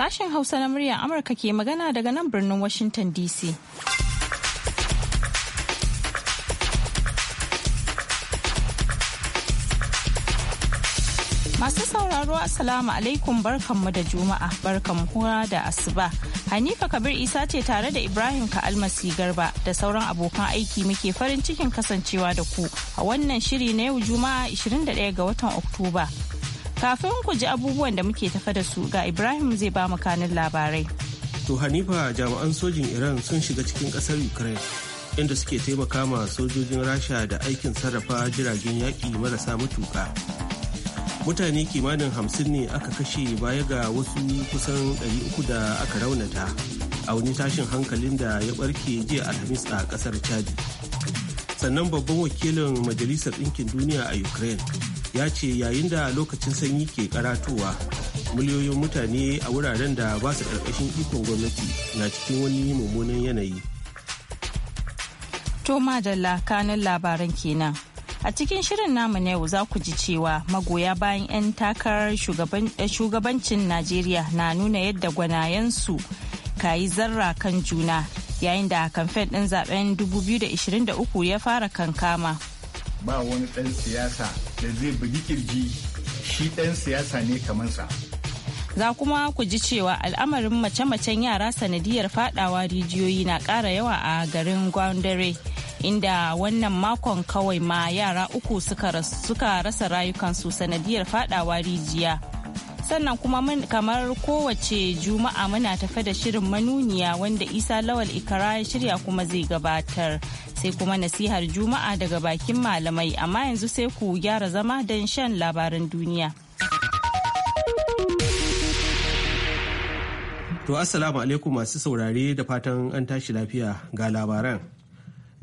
Sashen Hausa na murya Amurka ke magana daga nan birnin Washington DC. Masu sauraro asalamu alaikum barkanmu da Juma'a barkanmu kuma da asuba. Hanifa Kabir Isa ce tare da Ibrahim Ka'almasi Garba da sauran abokan aiki muke farin cikin kasancewa da ku a wannan shiri na yau Juma'a 21 ga watan Oktoba. Kafin ku ji abubuwan da muke tafa da su ga Ibrahim zai ba mu labarai. To Hanifa jami'an sojin Iran sun shiga cikin ƙasar Ukraine inda suke taimaka ma sojojin Rasha da aikin sarrafa jiragen yaƙi marasa matuƙa. Mutane kimanin hamsin ne aka kashe baya ga wasu kusan ɗari uku da aka raunata a wani tashin hankalin da ya ɓarke jiya Alhamis a ƙasar Chad. Sannan babban wakilin Majalisar Ɗinkin Duniya a Ukraine ya ce yayin da lokacin sanyi ke karatowa miliyoyin mutane a wuraren da ba su karkashin ikon gwamnati na cikin wani mummunan yanayi. toma madalla kanin labaran kenan. A cikin shirin namu na yau za ku ji cewa magoya bayan 'yan takarar eh, shugabancin Najeriya na nuna yadda gwanayensu ka yi zarra kan juna yayin da kamfen ɗin zaɓen 2023 ya fara kankama. ba wani ɗan siyasa da zai bugi kirji shi ɗan siyasa ne kamansa. Za kuma ku ji cewa al'amarin mace-macen yara sanadiyar fadawa rijiyoyi na ƙara yawa a garin Gwandare. Inda wannan makon kawai ma yara uku suka rasa rayukansu sanadiyar fadawa rijiya. sannan kuma kamar kowace juma'a muna tafe da shirin manuniya wanda isa lawal ikara ya shirya kuma zai gabatar sai kuma nasihar juma'a daga bakin malamai amma yanzu sai ku gyara zama don shan labaran duniya to assalamu alaikum masu saurare da fatan an tashi lafiya ga labaran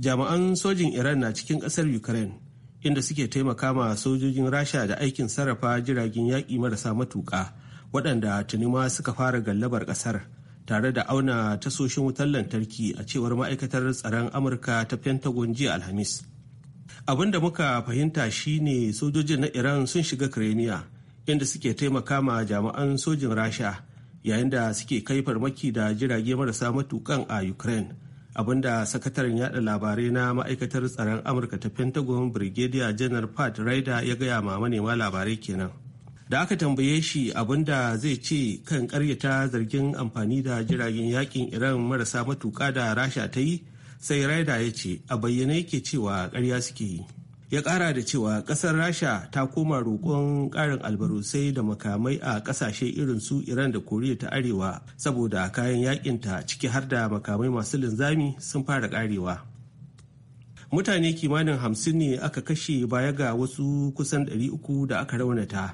jami'an sojin iran na cikin kasar ukraine inda suke taimaka ma sojojin rasha da aikin sarrafa jiragen yaƙi marasa matuƙa waɗanda tuni ma suka fara gallabar ƙasar tare da auna tasoshin wutar lantarki a cewar ma'aikatar tsaron amurka ta pentagon jiya alhamis abin da muka fahimta shine sojojin na iran sun shiga kremiya inda suke taimaka ma jami'an sojin rasha yayin da suke kai farmaki da jirage marasa matuƙan a ukraine abinda sakataren yada labarai na ma'aikatar tsaron amurka ta pentagon brigadier janar pat ryder ya gaya ma manema labarai kenan da aka tambaye shi abinda zai ce kan karyata zargin amfani da jiragen yakin iran marasa matuka da rasha ta yi sai ryder ya ce a bayyane yake cewa karya suke yi ya kara da cewa kasar rasha ta koma roƙon ƙarin albarusai da makamai a ƙasashe irin su iran da koriya ta arewa saboda kayan yakinta ciki har da makamai masu linzami sun fara ƙarewa mutane kimanin hamsin ne aka kashe baya ga wasu kusan ɗari uku da aka raunata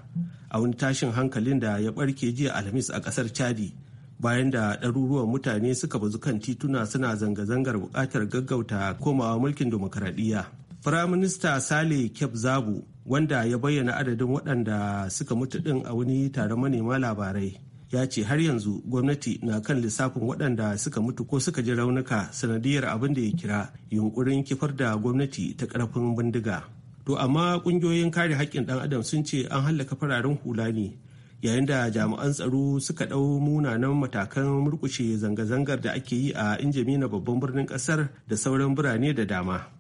a wani tashin hankalin da ya barke jiya alhamis a ƙasar chadi bayan da ɗaruruwan mutane suka bazu kan tituna suna zanga-zangar buƙatar gaggauta komawa mulkin dimokuraɗiyya. Firaminista Sale Kyab Zabo wanda ya bayyana adadin waɗanda suka mutu ɗin a wani taron manema labarai ya ce har yanzu gwamnati na kan lissafin waɗanda suka mutu ko suka ji raunuka sanadiyar abin da ya kira yunkurin kifar da gwamnati ta ƙarfin bindiga to amma ƙungiyoyin kare haƙƙin ɗan adam sun ce an hallaka fararen hula ne yayin da jami'an tsaro suka ɗau munanan matakan murƙushe zanga-zangar da ake yi a na babban birnin ƙasar da sauran birane da dama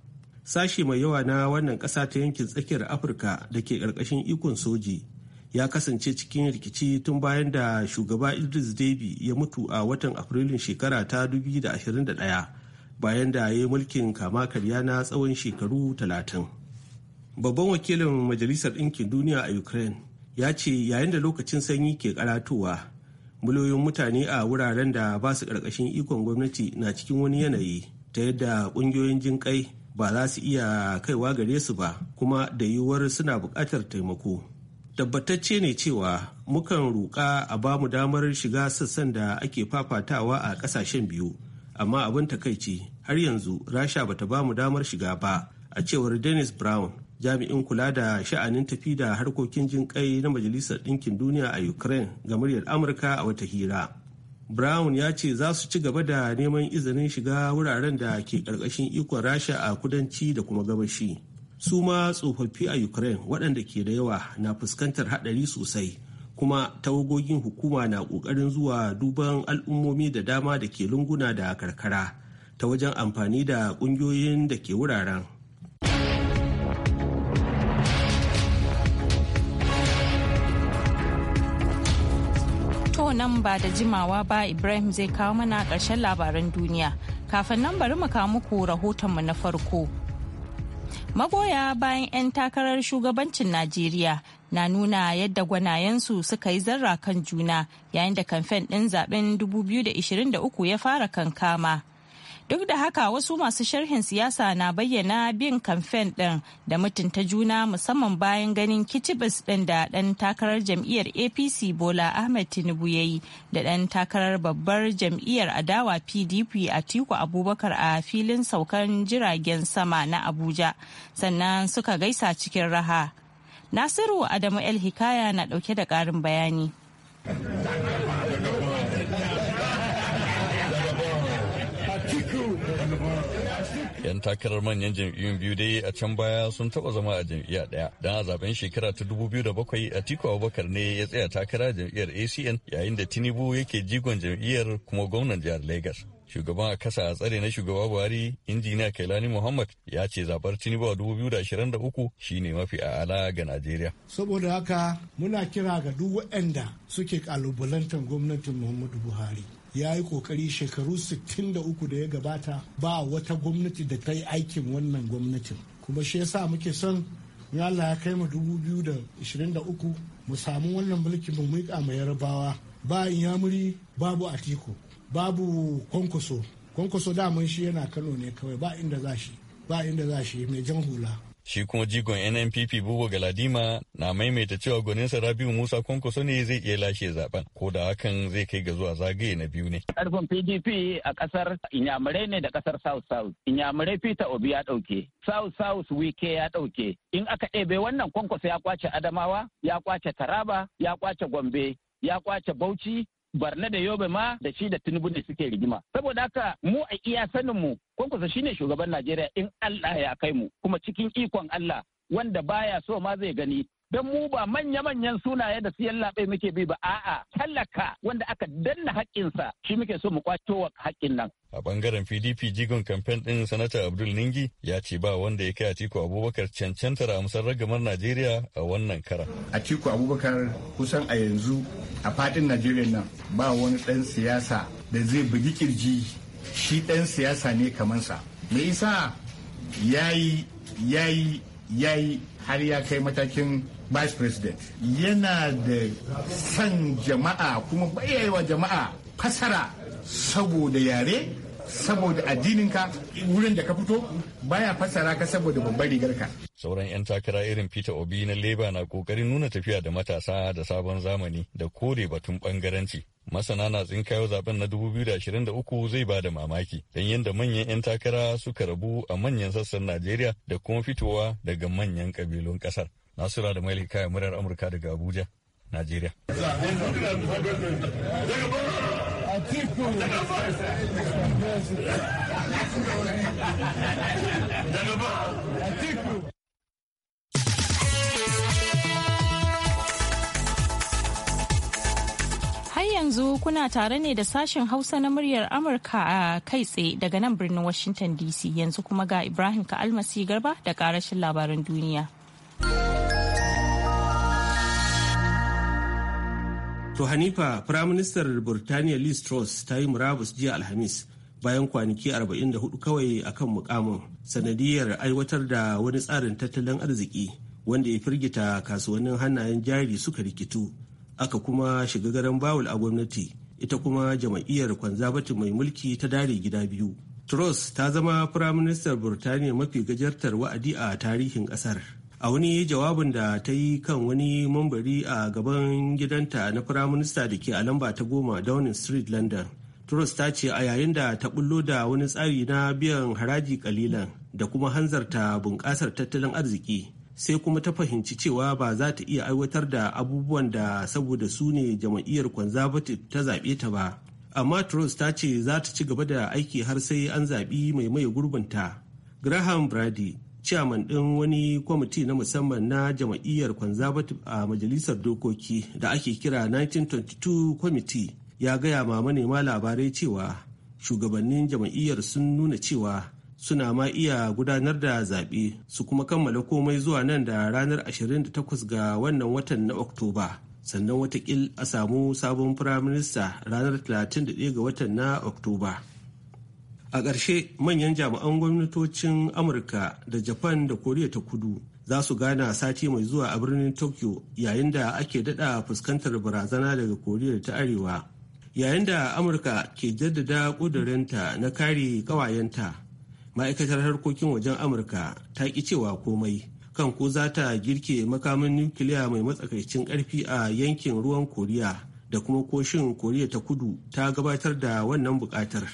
Sashe mai yawa na wannan ƙasa ta yankin tsakiyar afirka da ke ƙarƙashin ikon soji ya kasance cikin rikici tun bayan da shugaba idris deby ya mutu a watan afrilun shekara ta 2021 bayan da ya yi mulkin kama karya na tsawon shekaru 30 babban wakilin majalisar ɗinkin duniya a ukraine ya ce yayin da lokacin sanyi ke karatowa miliyoyin mutane a wuraren da ba su ƙarƙashin ikon gwamnati na cikin wani yanayi ta yadda ƙungiyoyin jinƙai ba za su iya kaiwa gare su ba kuma da yiwuwar suna buƙatar taimako tabbatacce ne cewa mukan roƙa a ba mu damar shiga sassan da ake fafatawa a ƙasashen biyu amma abin takaici har yanzu rasha bata ba mu damar shiga ba a cewar dennis brown jami'in kula da sha'anin tafi da harkokin jin kai na majalisar ɗinkin duniya a ukraine ga muryar amurka a wata hira brown ya ce za su ci gaba da neman izinin shiga wuraren da ke ƙarƙashin ikon rasha a kudanci da kuma gabashi su ma tsofaffi a ukraine waɗanda ke da yawa na fuskantar haɗari sosai kuma tawagogin hukuma na ƙoƙarin zuwa duban al'ummomi da dama da ke lunguna da karkara ta wajen amfani da ƙungiyoyin da ke wuraren nan ba da jimawa ba Ibrahim zai kawo mana ƙarshen labaran duniya. Kafin nan bari mu kawo muku rahotonmu na farko. Magoya bayan 'yan takarar shugabancin Najeriya na nuna yadda gwanayensu suka yi zarra kan juna yayin da kamfen ɗin zaben 2023 ya fara kankama. Duk da haka wasu masu sharhin siyasa na bayyana bin kamfen ɗin da mutunta juna musamman bayan ganin kitibis ɗin da ɗan takarar jam'iyyar APC Bola Ahmed Tinubu ya yi da ɗan takarar babbar jam'iyyar adawa PDP a Tiku Abubakar a filin saukan jiragen sama na Abuja sannan suka gaisa cikin raha. Nasiru Adamu El Hikaya na ɗauke da ƙarin bayani. Yan takarar manyan jam'iyyun biyu dai a can baya sun taba zama a jam'iyya ɗaya. Don a zaben shekara ta 2007 Atiku Abubakar ne ya tsaya takara jam'iyyar ACN yayin da Tinubu yake jigon jam'iyyar kuma gwamnan jihar Lagos. Shugaban a kasa a tsare na shugaba Buhari, injiniya Kailani Muhammad ya ce zabar Tinubu a 2023 shine mafi a'ala ga Najeriya. Saboda haka muna kira ga duk waɗanda suke kalubalantar gwamnatin Muhammadu Buhari. ya yi kokari shekaru 63 da ya gabata ba wata gwamnati da ta yi aikin wannan gwamnatin kuma shi yasa muke son Allah ya kai mu 2023 mu samu wannan mulkin mu miƙa ma yarabawa ba inyamuri babu atiku babu kwankwaso kwankwaso daman shi yana kano ne kawai ba inda za shi ba inda za shi mai jan hula Shi kuma jigon NNPP Buba Galadima na maimaita cewa gwaninsa Rabiu Musa Kwankwaso ne zai iya lashe zaben ko da hakan zai kai ga zuwa zagaye na biyu ne. Karfin PDP a kasar Inyamurai ne da kasar South South. Inyamurai Peter Obi ya ɗauke. South South Wike ya ɗauke. In aka ɗebe wannan Kwankwaso ya kwace Adamawa, ya kwace Taraba, ya kwace Gombe, ya kwace Bauchi, barna da yobe ma da shi da tinubu ne suke rigima saboda haka mu a iya sanin mu kwankwasa shine shugaban najeriya in allah ya kai mu kuma cikin ikon allah wanda baya so ma zai gani don mu ba manya-manyan sunaye da siyan labe muke bi ba a'a tallaka wanda aka danna haƙƙinsa shi muke so mu kwato wa haƙƙin nan. A bangaren PDP jigon kamfen ɗin sanata Abdul Ningi ya ce ba wanda ya kai Atiku Abubakar cancantar amsar ragamar Najeriya a wannan kara. Atiku Abubakar kusan a yanzu a faɗin Najeriya nan ba wani ɗan siyasa da zai bugi kirji shi ɗan siyasa ne kamansa me isa ya yi ya yi ya yi har ya kai matakin vice president yana da san jama'a kuma bayawa jama'a fasara saboda yare saboda addininka wurin da ka fito baya fassara ka saboda babbar rigarka. Sauran 'yan takara irin Peter Obi na Leba na kokarin nuna tafiya da matasa da sabon zamani da kore batun bangaranci. Masana na tsinkayo zaben na 2023 zai ba da mamaki don yadda manyan 'yan takara suka rabu a manyan sassan Najeriya da kuma fitowa daga manyan kabilun kasar. Nasura da Mailika murar Amurka daga Abuja, Najeriya. Har yanzu kuna tare ne da sashen Hausa na muryar Amurka a kai tsaye daga nan birnin Washington DC yanzu kuma ga Ibrahim Ka'almasi Garba da karashin labaran duniya. To Hanifa, Firaministar Burtaniya Liz Truss ta yi murabus jiya Alhamis bayan kwanaki 44 kawai a kan mukamin sanadiyar aiwatar da wani tsarin tattalin arziki wanda ya firgita kasuwannin hannayen jari suka rikitu aka kuma shiga garan bawul a gwamnati ita kuma jama'iyyar kwanzabatin mai mulki ta dare gida biyu. Truss ta zama Firaministar Burtaniya mafi gajartar wa'adi a tarihin ƙasar. a wani jawabin da ta yi kan wani mambari a gaban gidanta na firaminista da ke a lamba ta goma downing street london truss ta ce a yayin da ta bullo da wani tsari na biyan haraji kalilan da kuma hanzarta bunƙasar tattalin arziki sai kuma ta fahimci cewa ba za ta iya aiwatar da abubuwan da saboda su ne jam'iyyar conservative ta zaɓe ta ba amma truss ta ce za ta ci gaba da aiki har sai an zaɓi mai maye gurbinta graham brady chairman ɗin wani kwamiti na musamman na jama'iyyar conservative a majalisar dokoki da ake kira 1922 kwamiti ya gaya ma manema labarai cewa shugabannin jama'iyyar sun nuna cewa suna ma iya gudanar da zaɓe su kuma kammala komai zuwa nan da ranar 28 ga wannan watan na oktoba sannan watakil a samu sabon firaminista ranar 31 ga watan na oktoba a ƙarshe manyan jami'an gwamnatocin amurka da japan da koriya ta kudu za su gana sati mai zuwa a birnin tokyo yayin da ake daɗa fuskantar barazana daga koriya ta arewa yayin da amurka ke jaddada ƙudurinta na kare ƙawayenta ma'aikatar harkokin wajen amurka ta ƙi cewa komai kan ko za ta girke makamin nukiliya mai matsakaicin ƙarfi a yankin ruwan koriya da kuma koshin koriya ta kudu ta gabatar da wannan buƙatar.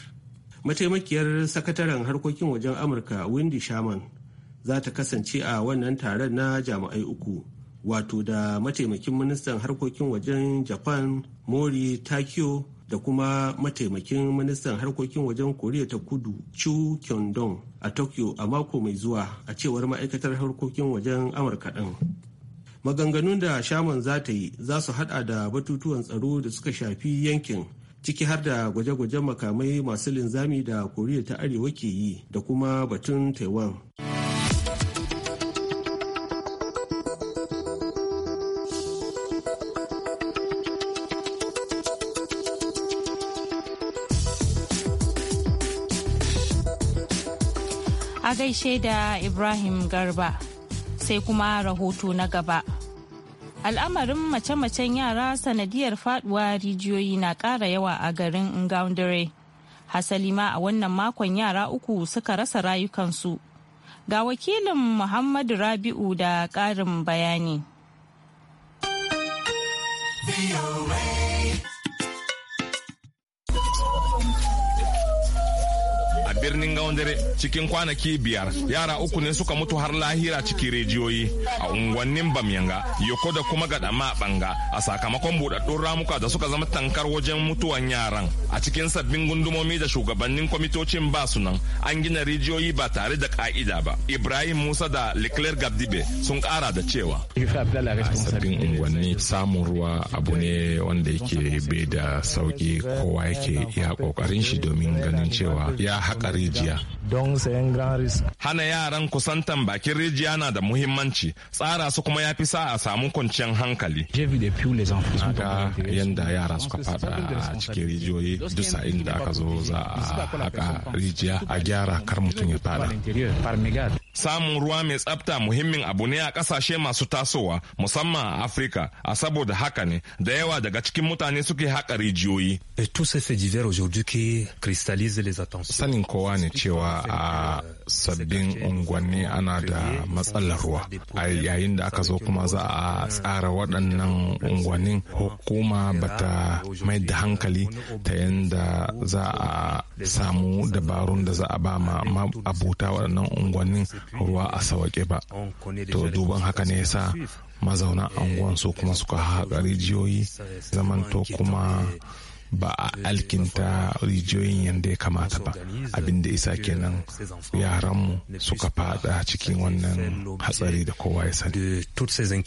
mataimakiyar sakataren harkokin wajen amurka windy shaman za ta kasance a wannan taron na jami'ai uku wato da mataimakin ministan harkokin wajen japan mori takio da kuma mataimakin ministan harkokin wajen koriya ta kudu chu kyondong a tokyo a mako mai zuwa a cewar ma'aikatar harkokin wajen amurka ɗin maganganun da shaman za ta yi za su hada da batutuwan tsaro da suka shafi yankin ciki har da gwaje-gwajen makamai masu linzami da koriya ta arewa ke yi da kuma batun taiwan a gaishe da ibrahim garba sai kuma rahoto na gaba al'amarin mace-macen yara sanadiyar faduwa rijiyoyi na ƙara yawa a garin ngaundare hasali ma a wannan makon yara uku suka rasa rayukansu ga wakilin muhammadu rabi'u da ƙarin bayani. birnin gaundare cikin kwanaki biyar yara uku ne suka mutu har lahira cikin rijiyoyi a unguwannin bamyanga yoko da kuma gadama banga a sakamakon buɗaɗɗun ramuka da suka zama tankar wajen mutuwan yaran a cikin sabbin gundumomi da shugabannin kwamitocin ba su nan an gina rijiyoyi ba tare da ka'ida ba ibrahim musa da leclerc gabdibe sun kara da cewa a sabbin unguwanni samun ruwa abu ne wanda yake bai da sauki kowa yake ya kokarin shi domin ganin cewa ya haƙa a rijiya. Don sayan grand risk. Hana yaran kusantan bakin rijiya na da muhimmanci tsara su kuma ya fi sa a samu kwanciyar hankali. Ga yanda yara suka fada a cikin rijiyoyi duk sa'in da aka zo za a haka rijiya a gyara kar mutum ya fada. Samun ruwa mai tsafta muhimmin abu ne a kasashe masu tasowa musamman a Afirka a saboda haka ne da yawa daga cikin mutane suke haka rijiyoyi. Sanin ko kowa ne cewa a sabbin unguwanni ana da matsalar ruwa a yayin da aka zo kuma za a tsara waɗannan unguwannin hukuma bata mai da hankali ta yadda za a samu dabarun da za a ba ma abuta waɗannan unguwannin ruwa a sawaƙe ba to duban haka ne yasa mazauna anguwan su kuma suka haƙa rijiyoyi zamanto kuma ba a alkinta rijiyoyin yadda ya kamata ba abin isa kenan yaranmu suka fada cikin wannan hatsari da kowa ya sani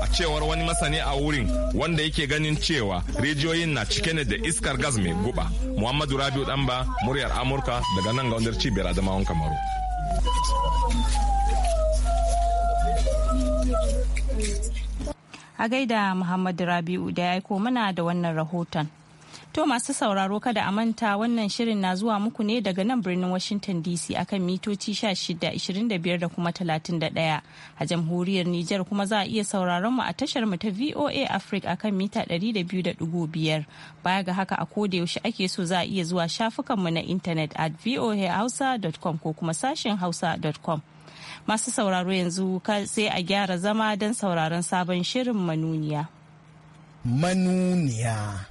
a cewar wani masani a wurin wanda yake ganin cewa rijiyoyin na cike ne da iskar gas mai guba muhammadu rabiu ba muryar amurka daga nan ga wandar cibiyar adamawan kamaru a gaida Muhammadu Rabi'u da ya aiko mana da wannan rahoton. To masu sauraro kada a manta wannan shirin na zuwa muku ne daga nan birnin Washington DC akan mitoci shida ishirin da kuma 31 a jamhuriyar Nijar kuma za a iya sauraron mu a tashar mu ta VOA Africa akan mita da da biyu biyar baya ga haka a koda yaushe ake so za a iya zuwa shafukan mu na intanet at voahausa.com ko kuma sashin hausa.com. masu sauraro yanzu sai a gyara zama don sauraron sabon shirin manuniya. Manuniya.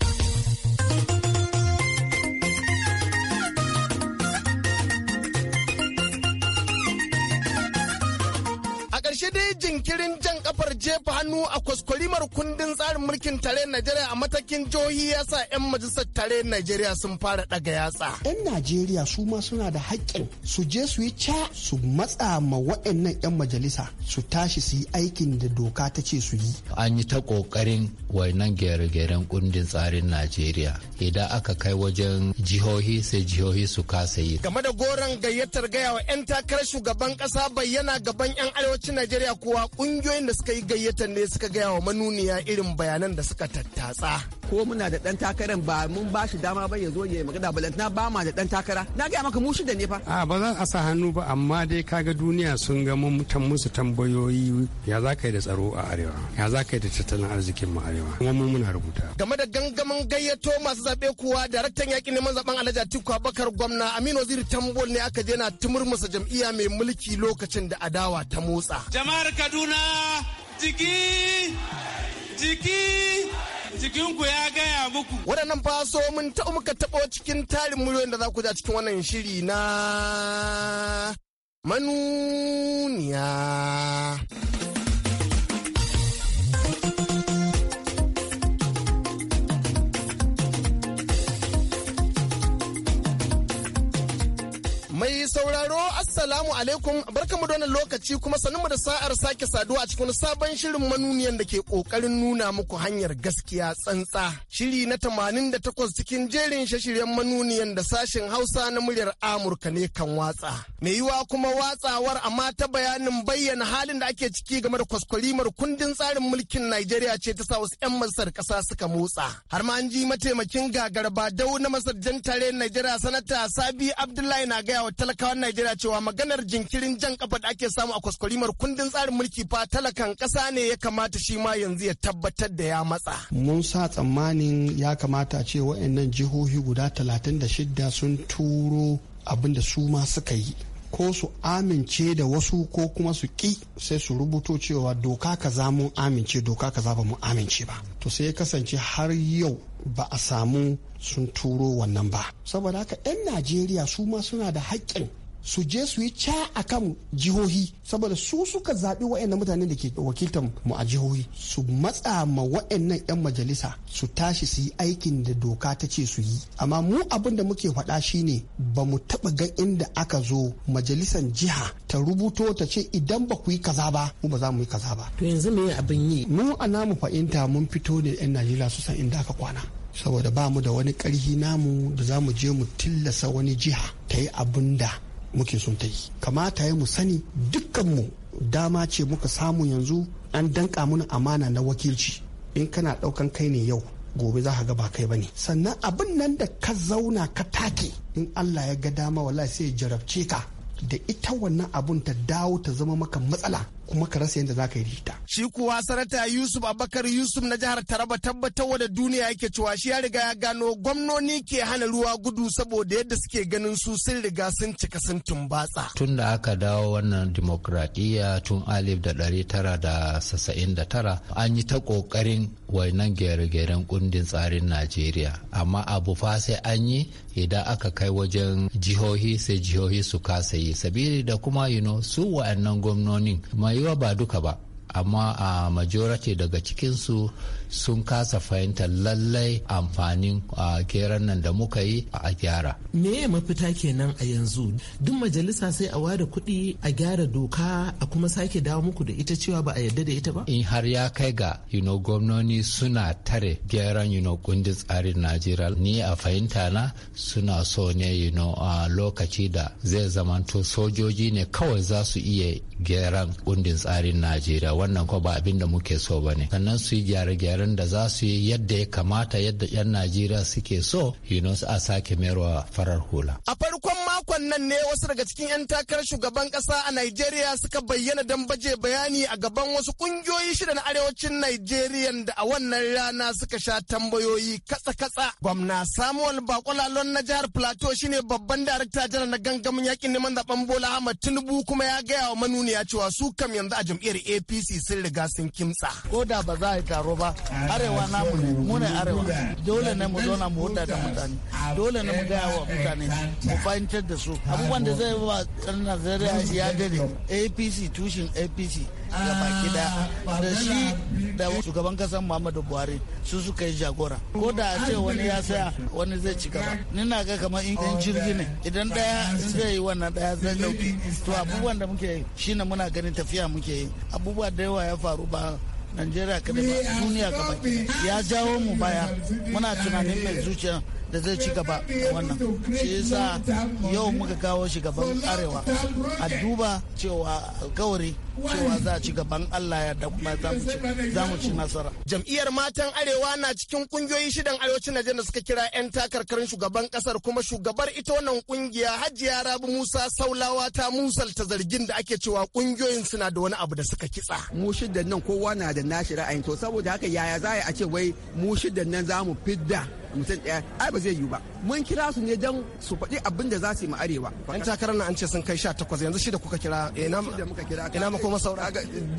ƙarshe dai jinkirin jan kafar jefa hannu a kwaskwarimar kundin tsarin mulkin tare Najeriya a matakin jihohi ya sa 'yan majalisar tare Najeriya sun fara daga yatsa. 'Yan Najeriya su ma suna da haƙƙin su je su yi ca su matsa ma waɗannan 'yan majalisa su tashi su yi aikin da doka ta ce su yi. An yi ta ƙoƙarin wannan gyare-gyaren kundin tsarin Najeriya idan aka kai wajen jihohi sai jihohi su kasa yi. Game da goron gayyatar gaya wa 'yan takarar shugaban ƙasa bayyana gaban 'yan arewacin najeriya kuwa kungiyoyin da suka yi gayyatar ne suka gaya wa manuniya irin bayanan da suka tattatsa ko muna da ɗan takarar ba mun ba shi dama ba ya zo ya magana balantana ba ma da ɗan takara na gaya maka mu shida ne fa a ba za a sa hannu ba amma dai kaga duniya sun ga mun musu tambayoyi ya za ka yi da tsaro a arewa ya za ka yi da tattalin arzikin mu arewa kuma mun muna rubuta game da gangamin gayyato masu zabe kuwa daraktan yakin neman zaɓen alhaji atiku Abubakar gwamna aminu waziri tambol ne aka je na tumurmusa jam'iyya mai mulki lokacin da adawa ta motsa jama'ar kaduna jiki jiki jikinku ya gaya muku. Waɗannan faso mun taɓa muka taɓo cikin tarin muryoyin da za ku ja cikin wannan shiri na manuniya. sauraro assalamu alaikum barkamu da wannan lokaci kuma sanin da sa'ar sake saduwa a cikin sabon shirin manuniyan da ke kokarin nuna muku hanyar gaskiya tsantsa. Shiri na tamanin da takwas cikin jerin shashiryen manuniyan da sashen Hausa na muryar Amurka ne kan watsa. Mai yiwa kuma watsawar amma ta bayanin bayyana halin da ake ciki game da kwaskwarimar kundin tsarin mulkin Najeriya ce ta sa wasu 'yan masar kasa suka motsa. Har ma an ji mataimakin gagarba dau na masar jan Najeriya sanata Sabi Abdullahi na gaya wa talaka talakawan Najeriya cewa maganar jinkirin jan kafa da ake samu a kwaskwarimar kundin tsarin mulki fa talakan ƙasa ne ya kamata shi ma yanzu ya tabbatar da ya matsa. Mun sa tsammanin ya kamata ce wa'annan jihohi guda talatin 36 sun turo abin da su ma suka yi. ko su amince da wasu ko kuma su ki sai su rubuto cewa doka kaza mun amince doka kaza ba mu amince ba to sai ya kasance har yau ba a samu sun turo wannan ba saboda haka 'yan najeriya su ma suna da haƙƙin su je su yi ca a kan jihohi saboda su suka zaɓi wa'annan mutane da ke wakiltar mu a jihohi su matsa ma wa'annan 'yan majalisa su tashi su yi aikin da doka ta ce su yi amma mu abin da muke faɗa shine ba mu taɓa ga inda aka zo majalisar jiha ta rubuto ta ce idan ba ku yi kaza ba mu ba za mu yi kaza ba to yanzu me abin yi mu a namu fahimta mun fito ne 'yan najeriya su san inda aka kwana saboda ba mu da wani karhi namu da za mu je mu tillasa wani jiha ta yi abin da muke son ta yi kamata ya mu sani dukkanmu dama ce muka samu yanzu an danka mun amana na wakilci in kana ɗaukan kai ne yau gobe za ka ga ba kai ba ne sannan abin nan da ka zauna ka take in allah ya ga dama wallahi sai ya jarabce ka da ita wannan abun ta dawo ta zama maka matsala kuma ka rasa yadda za ka yi rita. Shi kuwa sanata Yusuf Abubakar Yusuf na jihar Taraba tabbatar da duniya yake cewa shi ya riga ya gano gwamnoni ke hana ruwa gudu saboda yadda suke ganin su sun riga sun cika sun tumbatsa. Tun da aka dawo wannan dimokuraɗiyya tun alif da ɗari tara da sasa'in da tara an yi ta ƙoƙarin wainan gere-geren kundin tsarin Najeriya amma abu fa sai an yi idan aka kai wajen jihohi sai jihohi su kasa yi sabili da kuma you know, su wa'annan gwamnonin ma rayuwa ba duka ba amma a majority daga cikinsu sun kasa fahimtar lallai amfanin geran nan da muka yi a gyara. Me ya mafita kenan a yanzu? Duk majalisa sai a ware kuɗi a gyara doka a kuma sake dawo muku da ita cewa ba a yarda da ita ba? In har ya kai ga you gwamnoni suna tare geran yuno kundin tsarin Najeriya ni a fahimta na suna so ne a lokaci da zai zamanto sojoji ne kawai za su iya geran kundin tsarin Najeriya wannan ko ba abin da muke so ba ne. Sannan su yi gyare-gyare garin da za su yi yadda ya kamata yadda 'yan najeriya suke so yunus a sake merwa farar hula a farkon makon nan ne wasu daga cikin 'yan takarar shugaban kasa a najeriya suka bayyana don baje bayani a gaban wasu kungiyoyi shida na arewacin najeriya da a wannan rana suka sha tambayoyi katsa-katsa gwamna samuel bakwalalon na jihar plateau shine babban darakta janar na gangamin yakin neman zaben bola ahmad tinubu kuma ya gaya wa manuniya cewa su kam yanzu a jam'iyyar apc sun riga sun kimtsa ko da ba za a yi taro ba arewa namu ne mu ne arewa dole ne mu zauna mu huta da mutane dole ne mu gaya wa mutane mu fahimtar da su abubuwan da zai ba tsarin najeriya ya dare apc tushen apc da baki da da shi da shugaban kasan muhammadu buhari su suka yi jagora ko da ce wani ya saya wani zai ci gaba ni na ga kamar in jirgi ne idan daya in zai yi wannan daya zai dauki to abubuwan da muke yi shine muna ganin tafiya muke yi abubuwa da yawa ya faru ba najeriya kadai ba duniya gaba ya jawo mu baya muna tunanin mai zuciya da zai ci gaba wannan shi yasa yau muka kawo shi gaban arewa a duba cewa alkawari cewa za a ci gaban Allah ya da kuma za mu ci nasara. Jam'iyyar matan Arewa na cikin kungiyoyi shidan arewacin Najeriya da suka kira 'yan takarkarin shugaban kasar kuma shugabar ita wannan kungiya Hajiya Rabi Musa Saulawa ta musalta zargin da ake cewa kungiyoyin suna da wani abu da suka kitsa. Mu shidan nan kowa na da nashi ra'ayin to saboda haka yaya za a ce wai mu shidan nan za mu fidda mutum ɗaya ai ba zai yiwu ba mun kira su ne don su faɗi abin da za su yi ma arewa yan takarar na an ce sun kai sha takwas yanzu shida kuka kira eh, ina muka kira ina kuma saura.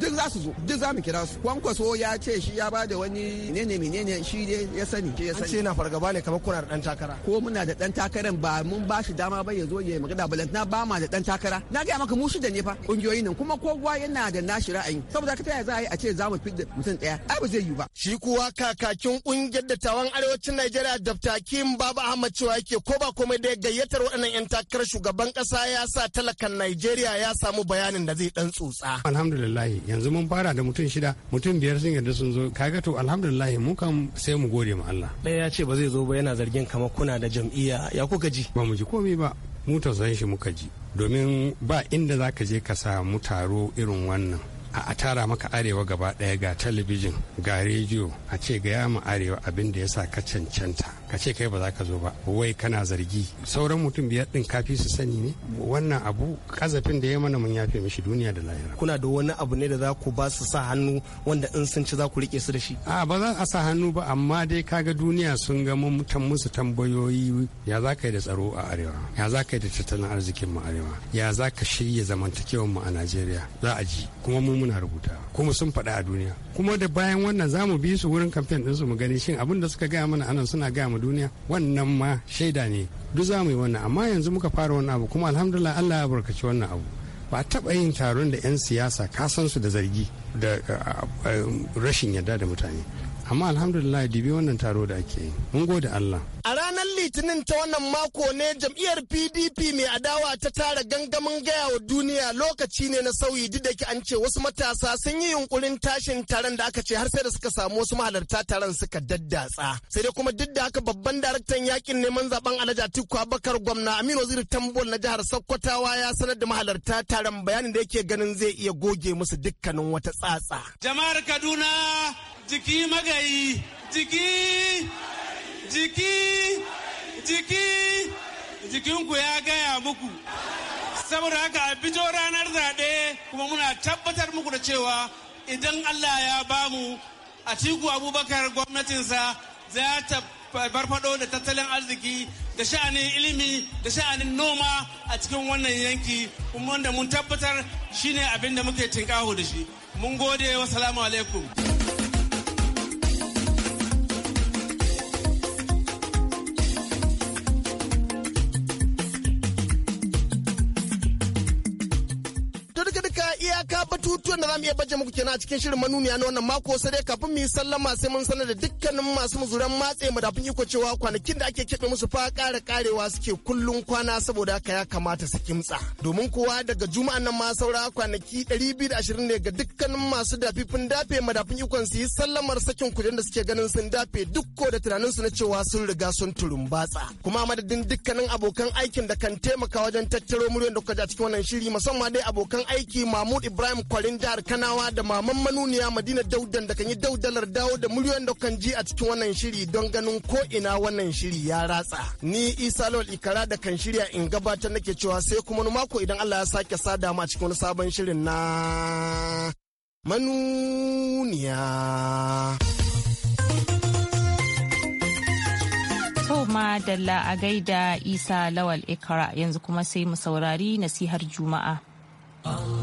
duk za su zo duk za mu kira su kwankwaso ya ce shi ya ba da wani menene menene shi ne ya sani ya sani an ce na fargaba ne kamar kuna da dan takara ko muna da dan takaran ba mun ba shi dama ba ya zo ya yi magana na ba ma da dan takara na ga maka mu da ne fa kungiyoyi nan kuma kowa yana da nashi ra'ayi saboda ka taya za a yi a ce za mu fi mutum ɗaya ai ba zai yiwu ba shi kuwa kakakin kungiyar dattawan arewacin Najeriya najeriya dafta kim baba ahmad cewa yake ko ba komai da gayyatar waɗannan 'yan takarar shugaban ƙasa ya sa talakan najeriya ya samu bayanin da zai dan tsotsa alhamdulillah yanzu mun fara da mutum shida mutum biyar sun yarda sun zo kaga to alhamdulillah mu kan sai mu gode ma Allah ɗaya ya ce ba zai zo ba yana zargin kamar kuna da jam'iyya ya kuka ji ba mu ji komai ba mu tausayin shi muka ji domin ba inda za ka je ka samu taro irin wannan a tara maka arewa gaba ɗaya ga talabijin ga rediyo a ce ga yamu arewa abin da ya sa ka cancanta ka ce kai ba za ka zo ba wai kana zargi sauran mutum biyar din kafi su sani ne wannan abu kazafin da ya mana mun yafe mishi duniya da lahira kuna da wani abu ne da za ku ba su sa hannu wanda in sun ci za ku rike su da shi a ba za a sa hannu ba amma dai kaga duniya sun ga mun musu tambayoyi ya za ka yi da tsaro a arewa ya za ka yi da tattalin arzikin mu arewa ya za ka shirya zamantakewar mu a najeriya za a ji kuma mu muna rubuta kuma sun faɗa a duniya kuma da bayan wannan za mu bi su wurin kamfen ɗinsu mu gani shin abin da suka gaya mana anan suna gaya wa duniya wannan ma shaida ne duk za mu yi wannan amma yanzu muka fara wannan abu kuma alhamdulillah Allah ya barkaci wannan abu ba taɓa yin taron da 'yan siyasa kasan su da zargi da rashin yarda da mutane amma alhamdulillah dibi wannan taro da ake yi mun gode Allah A ranar Litinin ta wannan mako ne jam'iyyar PDP mai adawa ta tara gangamin gaya wa duniya lokaci ne na sauyi duk da an ce wasu matasa sun yi yunkurin tashin taron da aka ce har sai da suka samu wasu mahalarta taron suka daddatsa. Sai dai kuma duk da haka babban daraktan yakin neman zaben Alhaji Atiku Abubakar gwamna Aminu Waziri Tambol na jihar Sokotawa ya sanar da mahalarta taron bayanin da yake ganin zai iya goge musu dukkanin wata tsatsa. Jama'ar Kaduna jiki magayi jiki jiki jiki jikinku ya gaya muku saboda haka a fito ranar zaɓe kuma muna tabbatar muku da cewa idan Allah ya bamu a tiku abubakar gwamnatinsa za ta farfado da tattalin arziki da sha'anin ilimi da sha'anin noma a cikin wannan yanki kuma wanda mun tabbatar shine abin da muke tinkaho da shi mun gode wa alaikum abin da za mu iya baje muku kenan a cikin shirin manuniya na wannan mako sai dai kafin mu yi sallama sai mun sanar da dukkanin masu muzuran matse da iko cewa kwanakin da ake keɓe musu fa ƙara ƙarewa suke kullun kwana saboda haka ya kamata su kimtsa domin kowa daga juma'an nan ma saura kwanaki 220 ne ga dukkanin masu dafifin dafe madafin ikon su yi sallamar sakin kujen da suke ganin sun dafe dukko da tunanin su na cewa sun riga sun turumbatsa kuma madadin dukkanin abokan aikin da kan taimaka wajen tattaro muryan da kuka ji a cikin wannan shiri musamman dai abokan aiki Mahmud Ibrahim Kwarinja jihar Kanawa da maman manuniya Madina Daudan da kan yi daudalar dawo da miliyan da kan ji a cikin wannan shiri don ganin ko ina wannan shiri ya ratsa. Ni Isa Lawal Ikara da kan shirya in gabatar nake cewa sai kuma wani mako idan Allah ya sake sada mu a cikin wani sabon shirin na manuniya. Toma Dalla a gaida Isa Lawal Ikara yanzu kuma sai mu saurari nasihar Juma'a. Allah.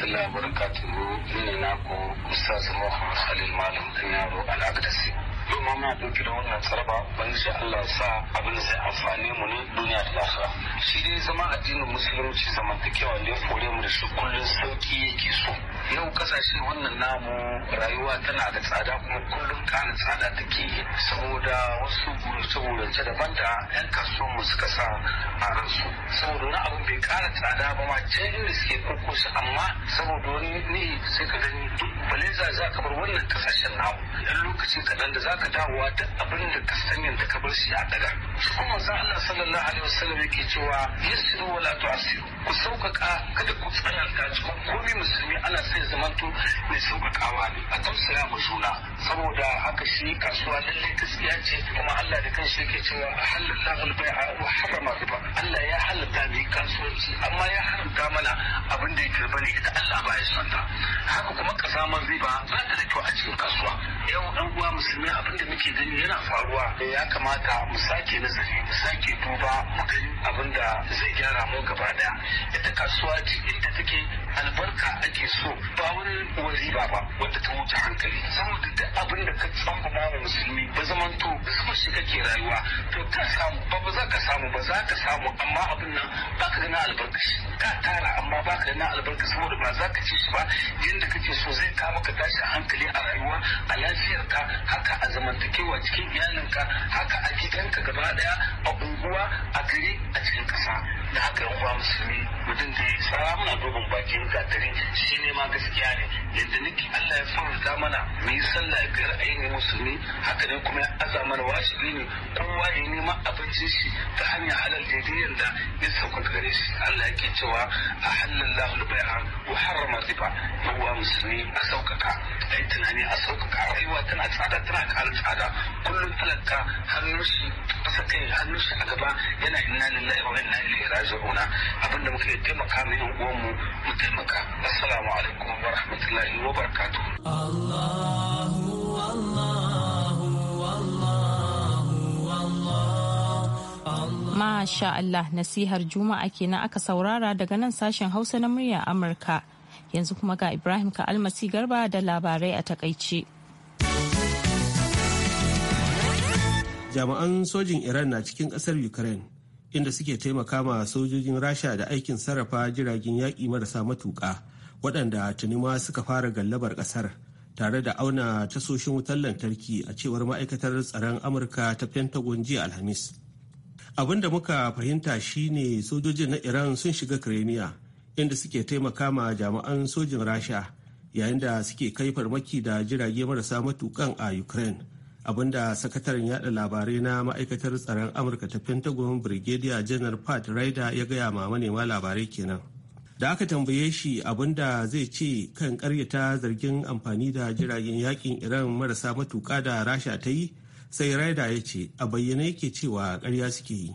rahmatullahi wa barakatuhu ni na ku Ustaz Muhammad Khalil Malam Anyaro Al-Agdasi. Yau ma muna ɗauke da wannan ban Ubangiji Allah sa abin zai amfane mu ne duniya da lafiya. Shi dai zama addinin musulunci zamantakewa da ya kore mu da shi kullum sauki yake so. yau kasashe wannan namu rayuwa tana da tsada kuma kullum kanin tsada take saboda wasu gurace-gurace daban da 'yan kasuwa mu suka sa a ransu saboda wani abin bai kara tsada ba ma canjin da suke shi amma saboda wani ne sai ka gani duk baleza za ka bar wannan kasashen namu yan lokacin kaɗan da za ka dawowa duk abin da ka sanya da ka bar shi a daga. su kuma Allah sallallahu alaihi wasallam yake cewa yasiru wala tu'asiru ku sauƙaƙa kada ku tsaya ga cikin komi musulmi ana sai zamanto mai sauƙaƙawa ne a tausaya ma juna saboda haka shi kasuwa lallai gaskiya ce kuma Allah da kanshi yake cewa a halallahu al-bai'a wa harama riba Allah ya halatta ne kasuwanci amma ya haramta mana abin da ya karba ne ita Allah ba ya santa haka kuma ma riba ba ta da kyau a cikin kasuwa yau ɗan uwa musulmi abin da muke gani yana faruwa ya kamata mu sake nazari mu sake duba mu gani abin da zai gyara mu gaba daya ita kasuwa ce inda take albarka ake so ba wani waziba ba wanda ta wuce hankali saboda duk abin da ka tsamba ma musulmi ba zaman to zama shi kake rayuwa to ka samu ba ba za ka samu ba za ka samu amma abin nan ba ka gana shi. ka tara amma ba ka gana albarka saboda ba za ka ci shi ba yadda kake so zai ka maka hankali a rayuwa a lafiyarka haka a zamantakewa cikin iyalinka haka a gidanka gaba daya a unguwa a gari a cikin kasa na haka yan uwa musulmi mutum zai tsara muna dubin bakin gatari shi ne ma gaskiya ne yadda nake Allah ya farza mana mu yi sallah biyar a musulmi haka ne kuma ya aza mana wajibi ne kowa ya nema abincin shi ta hanyar halal daidai yadda ya sauka gare shi Allah yake cewa a halallahu al-bai'a wa harrama riba yan uwa musulmi a saukaka ai tunani a saukaka rayuwa tana tsada tana kara tsada kullum talaka hannun shi ƙasa kai hannun shi a gaba yana inna lillahi wa inna ilaihi ajruna abinda muke taimaka mu yin uwanmu mu taimaka assalamu alaikum wa rahmatullahi wa barakatu Allahu Allahu Allahu Masha Allah nasihar Juma'a kenan aka saurara daga nan sashen Hausa na murya Amurka yanzu kuma ga Ibrahim ka almasi garba da labarai a takaice. jami'an sojin iran na cikin kasar ukraine inda suke taimaka ma sojojin rasha da aikin sarrafa jiragen yaƙi marasa matuƙa waɗanda tuni ma suka fara gallabar ƙasar tare da auna tasoshin wutar lantarki a cewar ma'aikatar tsaron amurka ta pentagon jiya alhamis abin da muka fahimta shine sojojin na iran sun shiga kremiya inda suke taimaka ma jami'an sojin rasha yayin da suke kai farmaki da jirage marasa matukan a ukraine abinda sakataren yada labarai na ma'aikatar tsaron amurka ta pentagon brigadier general pat ryder ya gaya ma manema labarai kenan da aka tambaye shi abinda zai ce kan karyata zargin amfani da jiragen yakin iran marasa matuka da rasha ta yi sai ryder ya ce a bayyane yake cewa karya suke yi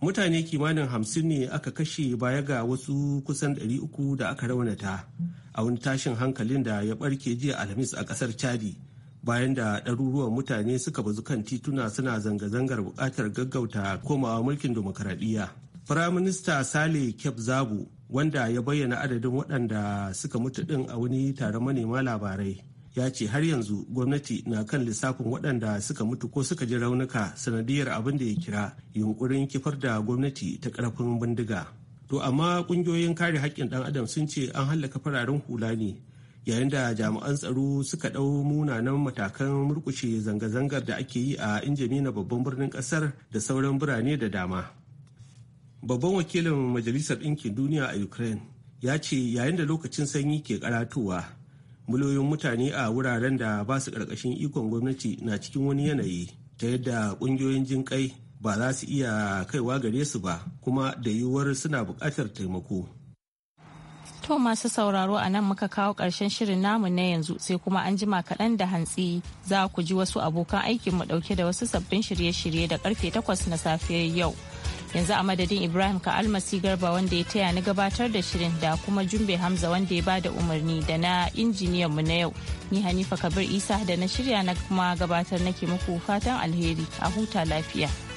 mutane kimanin hamsin ne aka kashe baya ga wasu kusan 300 da aka raunata a wani tashin hankalin da ya barke jiya alhamis a kasar chadi bayan da ɗaruruwan mutane suka bazu kan tituna suna zanga-zangar buƙatar gaggauta komawa mulkin demokaradiyya. Firaminista Sale Kep Zabu wanda ya bayyana adadin waɗanda suka mutu ɗin a wani taron manema labarai ya ce har yanzu gwamnati na kan lissafin waɗanda suka mutu ko suka ji raunuka sanadiyar abin da ya kira yunkurin kifar da gwamnati ta ƙarfin bindiga. To amma ƙungiyoyin kare haƙƙin ɗan adam sun ce an hallaka fararen hula ne yayin da jami'an tsaro suka ɗau munanan matakan murkushe zanga-zangar da ake yi a injini na babban birnin ƙasar da sauran birane da dama babban wakilin majalisar ɗinkin duniya a ukraine ya ce yayin da lokacin sanyi ke karatowa miliyoyin mutane a wuraren da ba su ƙarƙashin ikon gwamnati na cikin wani yanayi ta yadda ƙungiyoyin jin ba za su iya kaiwa gare su ba kuma da yiwuwar suna buƙatar taimako To masu sauraro a nan muka kawo ƙarshen shirin namu na yanzu sai kuma an jima kaɗan da hantsi za ku ji wasu abokan mu ɗauke da wasu sabbin shirye-shirye da karfe takwas na safiyar yau. Yanzu a madadin Ibrahim ka almasi garba wanda ya taya ni gabatar da shirin da kuma Jumbe Hamza wanda ya ba da umarni da na injiniyan mu na yau. Ni Hanifa Kabir Isa da na shirya na kuma gabatar nake muku fatan alheri a huta lafiya.